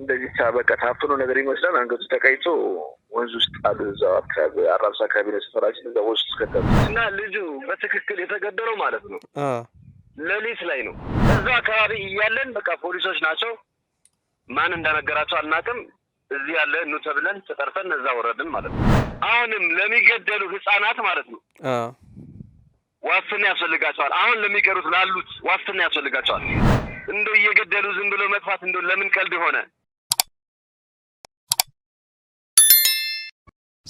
እንደዚህ በቃ ታፍኖ ነገር ይመስላል። አንገቱ ተቀይቶ ወንዝ ውስጥ አሉ። እዛው አካባቢ አራብስ አካባቢ ነው ሰፈራችን። እዛ ወንዝ ውስጥ ገደሉ እና ልጁ በትክክል የተገደለው ማለት ነው ሌሊት ላይ ነው። እዛ አካባቢ እያለን በቃ ፖሊሶች ናቸው ማን እንደነገራቸው አናውቅም። እዚህ ያለ ኑ ተብለን ተጠርፈን እዛ ወረድን ማለት ነው። አሁንም ለሚገደሉ ህጻናት ማለት ነው ዋስትና ያስፈልጋቸዋል። አሁን ለሚቀሩት ላሉት ዋስትና ያስፈልጋቸዋል። እንደው እየገደሉ ዝም ብሎ መጥፋት እንደው ለምን ቀልድ ሆነ?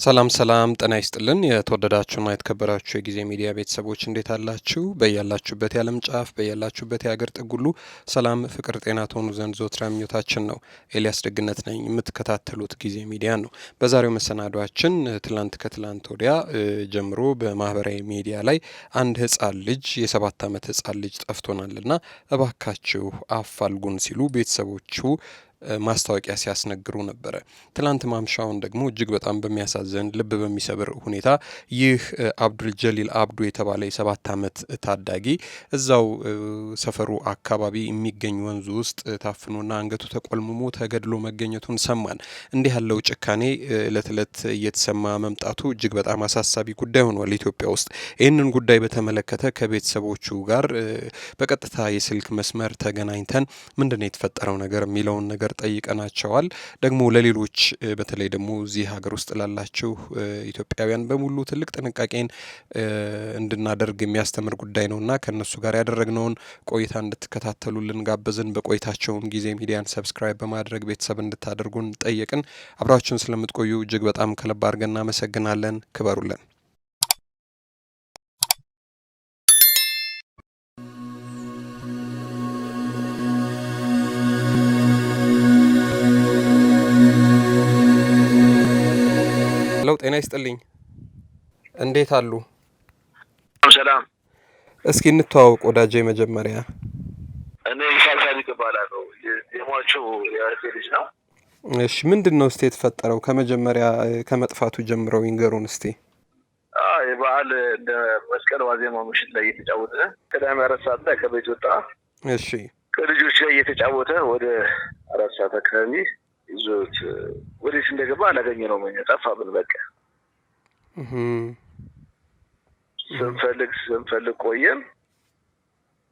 ሰላም ሰላም፣ ጤና ይስጥልን። የተወደዳችሁና የተከበራችሁ የጊዜ ሚዲያ ቤተሰቦች እንዴት አላችሁ? በያላችሁበት የዓለም ጫፍ በያላችሁበት የአገር ጥጉሉ ሰላም፣ ፍቅር፣ ጤና ትሆኑ ዘንድ ዘወትር ምኞታችን ነው። ኤልያስ ደግነት ነኝ። የምትከታተሉት ጊዜ ሚዲያ ነው። በዛሬው መሰናዷችን ትላንት ከትላንት ወዲያ ጀምሮ በማህበራዊ ሚዲያ ላይ አንድ ህጻን ልጅ የሰባት ዓመት ህጻን ልጅ ጠፍቶናልና እባካችሁ አፋልጉን ሲሉ ቤተሰቦቹ ማስታወቂያ ሲያስነግሩ ነበረ። ትላንት ማምሻውን ደግሞ እጅግ በጣም በሚያሳዝን ልብ በሚሰብር ሁኔታ ይህ አብዱል ጀሊል አብዱ የተባለ የሰባት ዓመት ታዳጊ እዛው ሰፈሩ አካባቢ የሚገኝ ወንዙ ውስጥ ታፍኖና አንገቱ ተቆልምሞ ተገድሎ መገኘቱን ሰማን። እንዲህ ያለው ጭካኔ እለት እለት እየተሰማ መምጣቱ እጅግ በጣም አሳሳቢ ጉዳይ ሆኗል ኢትዮጵያ ውስጥ። ይህንን ጉዳይ በተመለከተ ከቤተሰቦቹ ጋር በቀጥታ የስልክ መስመር ተገናኝተን ምንድን የተፈጠረው ነገር የሚለውን ነገር ነገር ጠይቀናቸዋል። ደግሞ ለሌሎች በተለይ ደግሞ እዚህ ሀገር ውስጥ ላላችሁ ኢትዮጵያውያን በሙሉ ትልቅ ጥንቃቄን እንድናደርግ የሚያስተምር ጉዳይ ነውና ከእነሱ ጋር ያደረግነውን ቆይታ እንድትከታተሉልን ጋበዝን። በቆይታቸውም ጊዜ ሚዲያን ሰብስክራይብ በማድረግ ቤተሰብ እንድታደርጉን ጠየቅን። አብራችሁን ስለምትቆዩ እጅግ በጣም ከልብ አድርገን እናመሰግናለን። ክበሩልን። ሄለው ጤና ይስጥልኝ። እንዴት አሉ? ሰላም። እስኪ እንተዋወቅ ወዳጄ። መጀመሪያ እኔ ይሻል ሳዲቅ እባላለሁ። የሟቹ የእህቴ ልጅ ነው። እሺ፣ ምንድን ነው እስቲ የተፈጠረው? ከመጀመሪያ ከመጥፋቱ ጀምረው ይንገሩን እስቲ። የበዓል እንደ መስቀል ዋዜማ ምሽት ላይ እየተጫወተ ቅዳሜ አራት ሰዓት ላይ ከቤት ወጣ። እሺ፣ ከልጆች ላይ እየተጫወተ ወደ አራት ሰዓት አካባቢ ይዞት ወደች እንደገባ አላገኘ ነው መኛ ጠፋብን። በቃ ስንፈልግ ስንፈልግ ቆየን።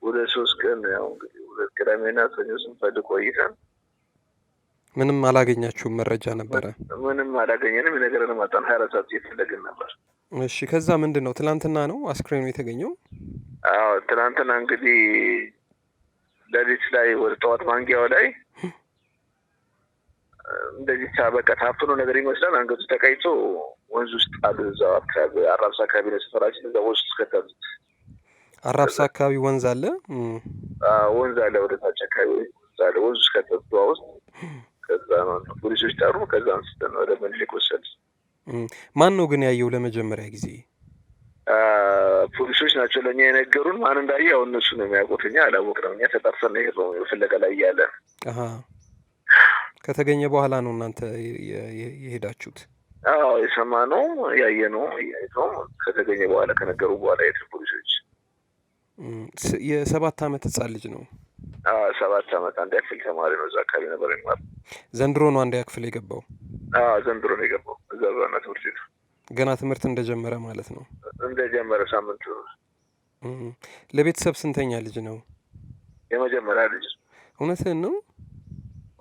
ወደ ሶስት ቀን ያው እንግዲህ ሁለት ቅዳሜና ሰኞ ስንፈልግ ቆይተን ምንም አላገኛችሁም? መረጃ ነበረ? ምንም አላገኘንም። የነገረን ማጣን ሀያ አራት ሰዓት እየፈለግን ነበር። እሺ፣ ከዛ ምንድን ነው ትናንትና ነው አስክሬኑ የተገኘው? አዎ፣ ትላንትና እንግዲህ ሌሊት ላይ ወደ ጠዋት ማንጊያው ላይ እንደዚህ በቃ ታፍኖ ነገር ይመስላል። አንገቱ ተቀይቶ ወንዝ ውስጥ አሉ። እዛው አካባቢ አራብሳ አካባቢ ነው ሰፈራችን። እዛ ወንዝ ውስጥ ከተሉት። አራብሳ አካባቢ ወንዝ አለ፣ ወንዝ አለ፣ ወደ ታች አካባቢ ወንዝ አለ። ወንዝ ውስጥ ከተሉት ውስጥ ከዛ ነው ፖሊሶች ጠሩ። ከዛ አንስተ ነው ወደ ምኒልክ ወሰድ። ማን ነው ግን ያየው ለመጀመሪያ ጊዜ? ፖሊሶች ናቸው ለእኛ የነገሩን። ማን እንዳየ ያው እነሱ ነው የሚያውቁት። እኛ ነው እኛ ተጠርሰ ነው የሄድነው ፍለጋ ላይ እያለ ከተገኘ በኋላ ነው እናንተ የሄዳችሁት? አዎ የሰማ ነው ያየ ነው ነው ከተገኘ በኋላ ከነገሩ በኋላ የትር ፖሊሶች የሰባት ዓመት ህጻን ልጅ ነው። ሰባት ዓመት አንድ ያክፍል ተማሪ ነው። እዛ አካባቢ ነበር ይማር። ዘንድሮ ነው አንድ ያክፍል የገባው። ዘንድሮ ነው የገባው እዛ ዛና ትምህርት ቤቱ ገና ትምህርት እንደጀመረ ማለት ነው። እንደጀመረ ሳምንቱ። ለቤተሰብ ስንተኛ ልጅ ነው? የመጀመሪያ ልጅ። እውነትህን ነው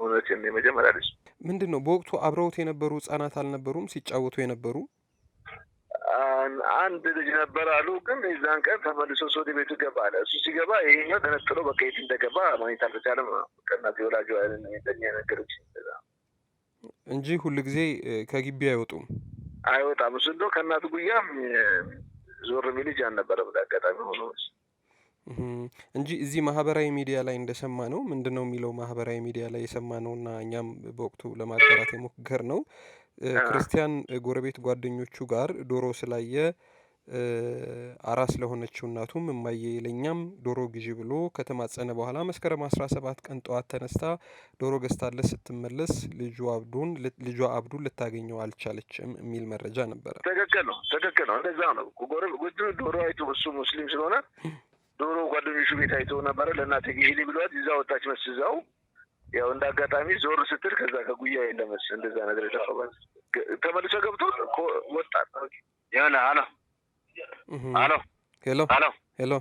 እውነቴን የመጀመሪያ ልጅ ምንድን ነው። በወቅቱ አብረውት የነበሩ ህጻናት አልነበሩም ሲጫወቱ የነበሩ አንድ ልጅ ነበር አሉ። ግን የዛን ቀን ተመልሶ ሶዲ ቤቱ ገባ አለ። እሱ ሲገባ ይሄኛው ተነጥሎ በቃ የት እንደገባ ማግኘት አልተቻለም። ቀናት የወላጅ ያለኛ ነገሮች እንጂ ሁሉ ጊዜ ከግቢ አይወጡም አይወጣም። እሱ እንደው ከእናት ጉያም ዞር የሚልጅ አልነበረም። ለአጋጣሚ ሆኖ እንጂ እዚህ ማህበራዊ ሚዲያ ላይ እንደሰማነው ምንድነው የሚለው ማህበራዊ ሚዲያ ላይ የሰማ እና እኛም በወቅቱ ለማጣራት ነው። ክርስቲያን ጎረቤት ጓደኞቹ ጋር ዶሮ ስላየ አራስ ለሆነችው እናቱም እማዬ ለኛም ዶሮ ግዢ ብሎ ከተማጸነ በኋላ መስከረም ሰባት ቀን ጠዋት ተነስታ ዶሮ ገዝታለች። ስትመለስ ልጇ አብዱን ልጇ አብዱን ልታገኘው አልቻለችም የሚል መረጃ ነበረ። ትክክል ነው፣ ትክክል ነው። እንደዛ ነው። ዶሮ አይቱ እሱ ሙስሊም ስለሆነ ዶሮ ጓደኞቹ ቤት አይተው ነበረ። ለእናቴ ይሄኔ ብለዋት ይዛ ወጣች መስ እዛው ያው እንደ አጋጣሚ ዞር ስትል ከዛ ከጉያ የለመስ እንደዛ ነገር የተባባል ተመልሶ ገብቶ ወጣ የሆነ አሎ አሎ ሄሎ አሎ ሄሎ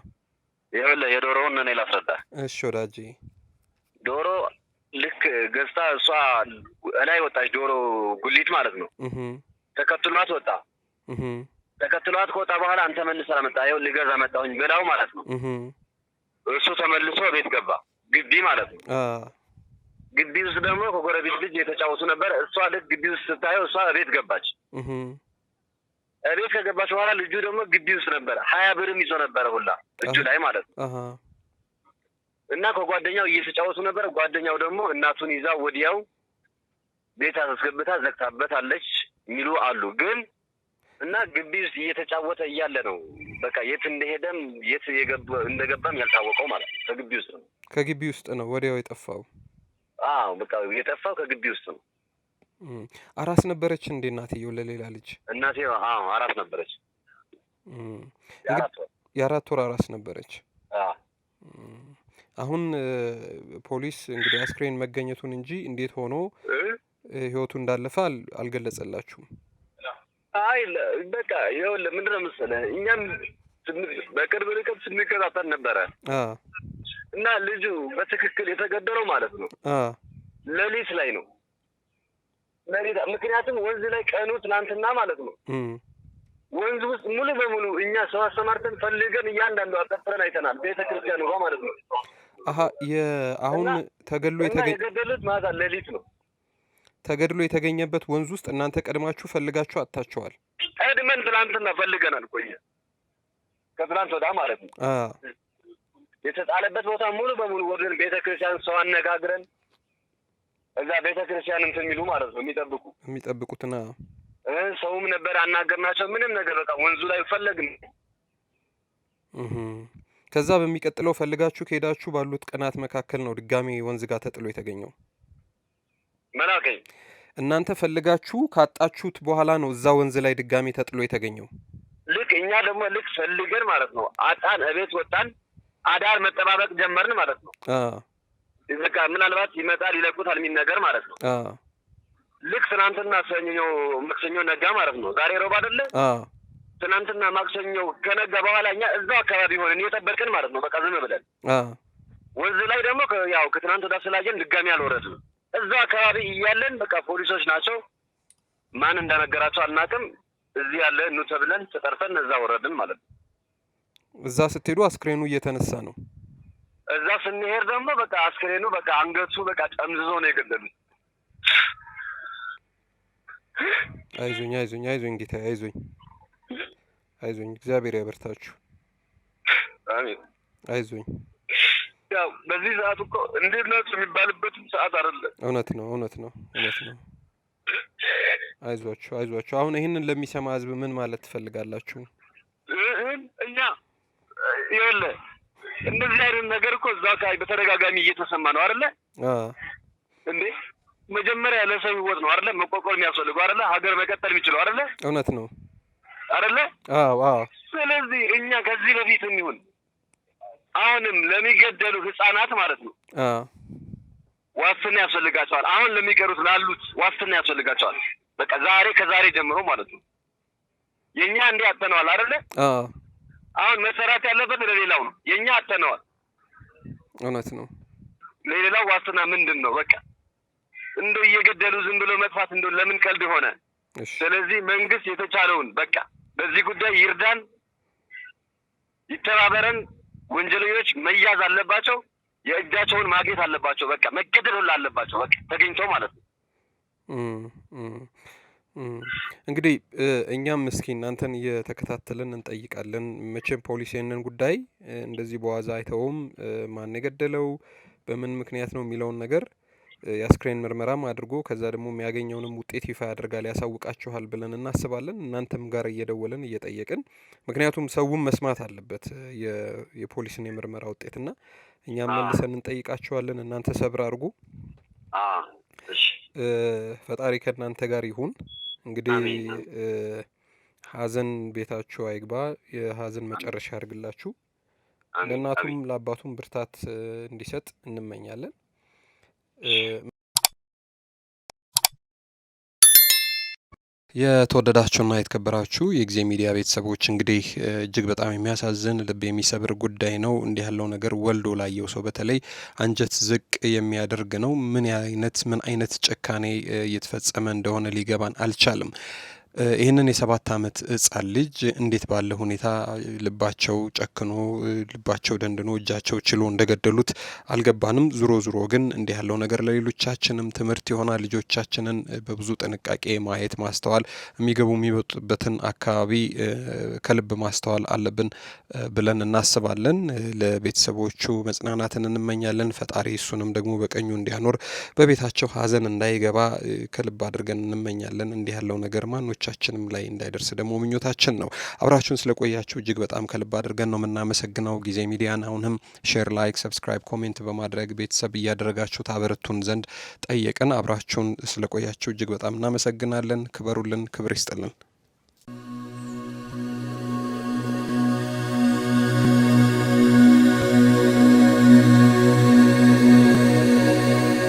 ይኸውልህ የዶሮውን እኔ ላስረዳ። እሺ ወዳጅ ዶሮ ልክ ገዝታ እሷ እላይ ወጣች፣ ዶሮ ጉሊት ማለት ነው። ተከትሏት ወጣ ተከትሏት ከወጣ በኋላ አንተ መልሰ መጣ ይኸው ልገዛ መጣሁኝ ብላው ማለት ነው። እሱ ተመልሶ ቤት ገባ፣ ግቢ ማለት ነው። ግቢ ውስጥ ደግሞ ከጎረቤት ልጅ የተጫወቱ ነበር። እሷ ልጅ ግቢ ውስጥ ስታየው እሷ ቤት ገባች። ቤት ከገባች በኋላ ልጁ ደግሞ ግቢ ውስጥ ነበረ። ሀያ ብርም ይዞ ነበረ ሁላ እጁ ላይ ማለት ነው። እና ከጓደኛው እየተጫወቱ ነበር። ጓደኛው ደግሞ እናቱን ይዛ ወዲያው ቤት አስገብታ ዘግታበታለች የሚሉ አሉ ግን እና ግቢ ውስጥ እየተጫወተ እያለ ነው በቃ የት እንደሄደም የት እንደገባም ያልታወቀው ማለት ነው። ከግቢ ውስጥ ነው ከግቢ ውስጥ ነው ወዲያው የጠፋው። አዎ በቃ የጠፋው ከግቢ ውስጥ ነው። አራስ ነበረች እንዴ እናትየው ለሌላ ልጅ? እናቴ አዎ አራስ ነበረች። የአራት ወር አራስ ነበረች። አሁን ፖሊስ እንግዲህ አስክሬን መገኘቱን እንጂ እንዴት ሆኖ ህይወቱ እንዳለፈ አልገለጸላችሁም? አይ በቃ ይኸውልህ ምንድን ነው መሰለህ እኛም በቅርብ ርቀት ስንከታተል ነበረ እና ልጁ በትክክል የተገደለው ማለት ነው ሌሊት ላይ ነው። ሌሊት ምክንያቱም ወንዝ ላይ ቀኑ ትናንትና ማለት ነው ወንዝ ውስጥ ሙሉ በሙሉ እኛ ሰው አሰማርተን ፈልገን እያንዳንዱ አጠፍረን አይተናል። ቤተ ክርስቲያን ውሃ ማለት ነው። አሁን ተገሎ የተገደሉት ማታ ሌሊት ነው። ተገድሎ የተገኘበት ወንዝ ውስጥ እናንተ ቀድማችሁ ፈልጋችሁ አጥታችኋል። ቀድመን ትላንትና ፈልገናል። ቆየ ከትላንት ወዳ ማለት ነው። የተጣለበት ቦታ ሙሉ በሙሉ ወርደን ቤተ ክርስቲያን ሰው አነጋግረን እዛ ቤተ ክርስቲያን እንትን የሚሉ ማለት ነው የሚጠብቁ የሚጠብቁትና ሰውም ነበር አናገርናቸው። ምንም ነገር በቃ ወንዙ ላይ ፈለግን። ከዛ በሚቀጥለው ፈልጋችሁ ከሄዳችሁ ባሉት ቀናት መካከል ነው ድጋሜ ወንዝ ጋር ተጥሎ የተገኘው። መላከኝ እናንተ ፈልጋችሁ ካጣችሁት በኋላ ነው እዛ ወንዝ ላይ ድጋሚ ተጥሎ የተገኘው። ልክ እኛ ደግሞ ልክ ፈልገን ማለት ነው አጣን፣ እቤት ወጣን፣ አዳር መጠባበቅ ጀመርን ማለት ነው። በቃ ምናልባት ይመጣል ይለቁታል የሚል ነገር ማለት ነው። ልክ ትናንትና ሰኞ መክሰኞ ነጋ ማለት ነው። ዛሬ ሮብ አይደለ? ትናንትና ማክሰኞ ከነጋ በኋላ እኛ እዛው አካባቢ ሆነን እየጠበቅን ማለት ነው። በቃ ዝም ብለን ወንዝ ላይ ደግሞ ያው ከትናንት ወዳ ስላየን ድጋሚ አልወረድንም። እዛ አካባቢ እያለን በቃ ፖሊሶች ናቸው ማን እንደነገራቸው አናውቅም። እዚህ ያለ ኑ ተብለን ተጠርተን እዛ ወረድን ማለት ነው። እዛ ስትሄዱ አስክሬኑ እየተነሳ ነው። እዛ ስንሄድ ደግሞ በቃ አስክሬኑ በቃ አንገቱ በቃ ጠምዝዞ ነው የገደሉ። አይዞኝ አይዞኝ አይዞኝ ጌታ አይዞኝ አይዞኝ፣ እግዚአብሔር ያበርታችሁ። አሜን። አይዞኝ በዚህ ሰዓት እኮ እንዴት ናችሁ የሚባልበትም ሰዓት አይደለም። እውነት ነው፣ እውነት ነው፣ እውነት ነው። አይዟችሁ፣ አይዟችሁ። አሁን ይህንን ለሚሰማ ህዝብ ምን ማለት ትፈልጋላችሁ? እኛ ይለ እንደዚህ አይነት ነገር እኮ እዛ አካባቢ በተደጋጋሚ እየተሰማ ነው አይደለ እንዴ? መጀመሪያ ለሰው ህይወት ነው አይደለ መቋቋም የሚያስፈልገው አይደለ ሀገር መቀጠል የሚችለው አይደለ እውነት ነው አይደለ? ስለዚህ እኛ ከዚህ በፊት የሚሆን አሁንም ለሚገደሉ ህጻናት ማለት ነው ዋስትና ያስፈልጋቸዋል። አሁን ለሚቀሩት ላሉት ዋስትና ያስፈልጋቸዋል። በቃ ዛሬ ከዛሬ ጀምሮ ማለት ነው። የእኛ እንዲህ አተነዋል አይደለ? አሁን መሰራት ያለበት ለሌላው ነው። የእኛ አተነዋል፣ እውነት ነው። ለሌላው ዋስትና ምንድን ነው? በቃ እንደው እየገደሉ ዝም ብሎ መጥፋት እንደው ለምን ቀልድ ሆነ? ስለዚህ መንግስት የተቻለውን በቃ በዚህ ጉዳይ ይርዳን፣ ይተባበረን። ወንጀለኞች መያዝ አለባቸው። የእጃቸውን ማግኘት አለባቸው። በቃ መገደል ሁላ አለባቸው። በቃ ተገኝቶ ማለት ነው። እንግዲህ እኛም እስኪ እናንተን እየተከታተልን እንጠይቃለን። መቼም ፖሊስ ይህንን ጉዳይ እንደዚህ በዋዛ አይተውም። ማን የገደለው በምን ምክንያት ነው የሚለውን ነገር የአስክሬን ምርመራም አድርጎ ከዛ ደግሞ የሚያገኘውንም ውጤት ይፋ ያደርጋል ያሳውቃችኋል ብለን እናስባለን። እናንተም ጋር እየደወልን እየጠየቅን ምክንያቱም ሰውም መስማት አለበት የፖሊስን የምርመራ ውጤትና እኛም መልሰን እንጠይቃችኋለን። እናንተ ሰብር አድርጉ። ፈጣሪ ከእናንተ ጋር ይሁን። እንግዲህ ሀዘን ቤታችሁ አይግባ፣ የሀዘን መጨረሻ ያድርግላችሁ። ለእናቱም ለአባቱም ብርታት እንዲሰጥ እንመኛለን። የተወደዳችሁና የተከበራችሁ የጊዜ ሚዲያ ቤተሰቦች እንግዲህ እጅግ በጣም የሚያሳዝን ልብ የሚሰብር ጉዳይ ነው። እንዲህ ያለው ነገር ወልዶ ላየው ሰው በተለይ አንጀት ዝቅ የሚያደርግ ነው። ምን አይነት ምን አይነት ጭካኔ እየተፈጸመ እንደሆነ ሊገባን አልቻልም። ይህንን የሰባት ዓመት ህጻን ልጅ እንዴት ባለ ሁኔታ ልባቸው ጨክኖ ልባቸው ደንድኖ እጃቸው ችሎ እንደገደሉት አልገባንም። ዙሮ ዙሮ ግን እንዲህ ያለው ነገር ለሌሎቻችንም ትምህርት ይሆናል። ልጆቻችንን በብዙ ጥንቃቄ ማየት፣ ማስተዋል፣ የሚገቡ የሚወጡበትን አካባቢ ከልብ ማስተዋል አለብን ብለን እናስባለን። ለቤተሰቦቹ መጽናናትን እንመኛለን። ፈጣሪ እሱንም ደግሞ በቀኙ እንዲያኖር፣ በቤታቸው ሀዘን እንዳይገባ ከልብ አድርገን እንመኛለን። እንዲህ ያለው ነገር ማኖች ተመልካቾቻችንም ላይ እንዳይደርስ ደግሞ ምኞታችን ነው። አብራችሁን ስለቆያችሁ እጅግ በጣም ከልብ አድርገን ነው የምናመሰግነው። ጊዜ ሚዲያን አሁንም ሼር፣ ላይክ፣ ሰብስክራይብ፣ ኮሜንት በማድረግ ቤተሰብ እያደረጋችሁ ታበረቱን ዘንድ ጠየቅን። አብራችሁን ስለቆያችሁ እጅግ በጣም እናመሰግናለን። ክበሩልን፣ ክብር ይስጥልን።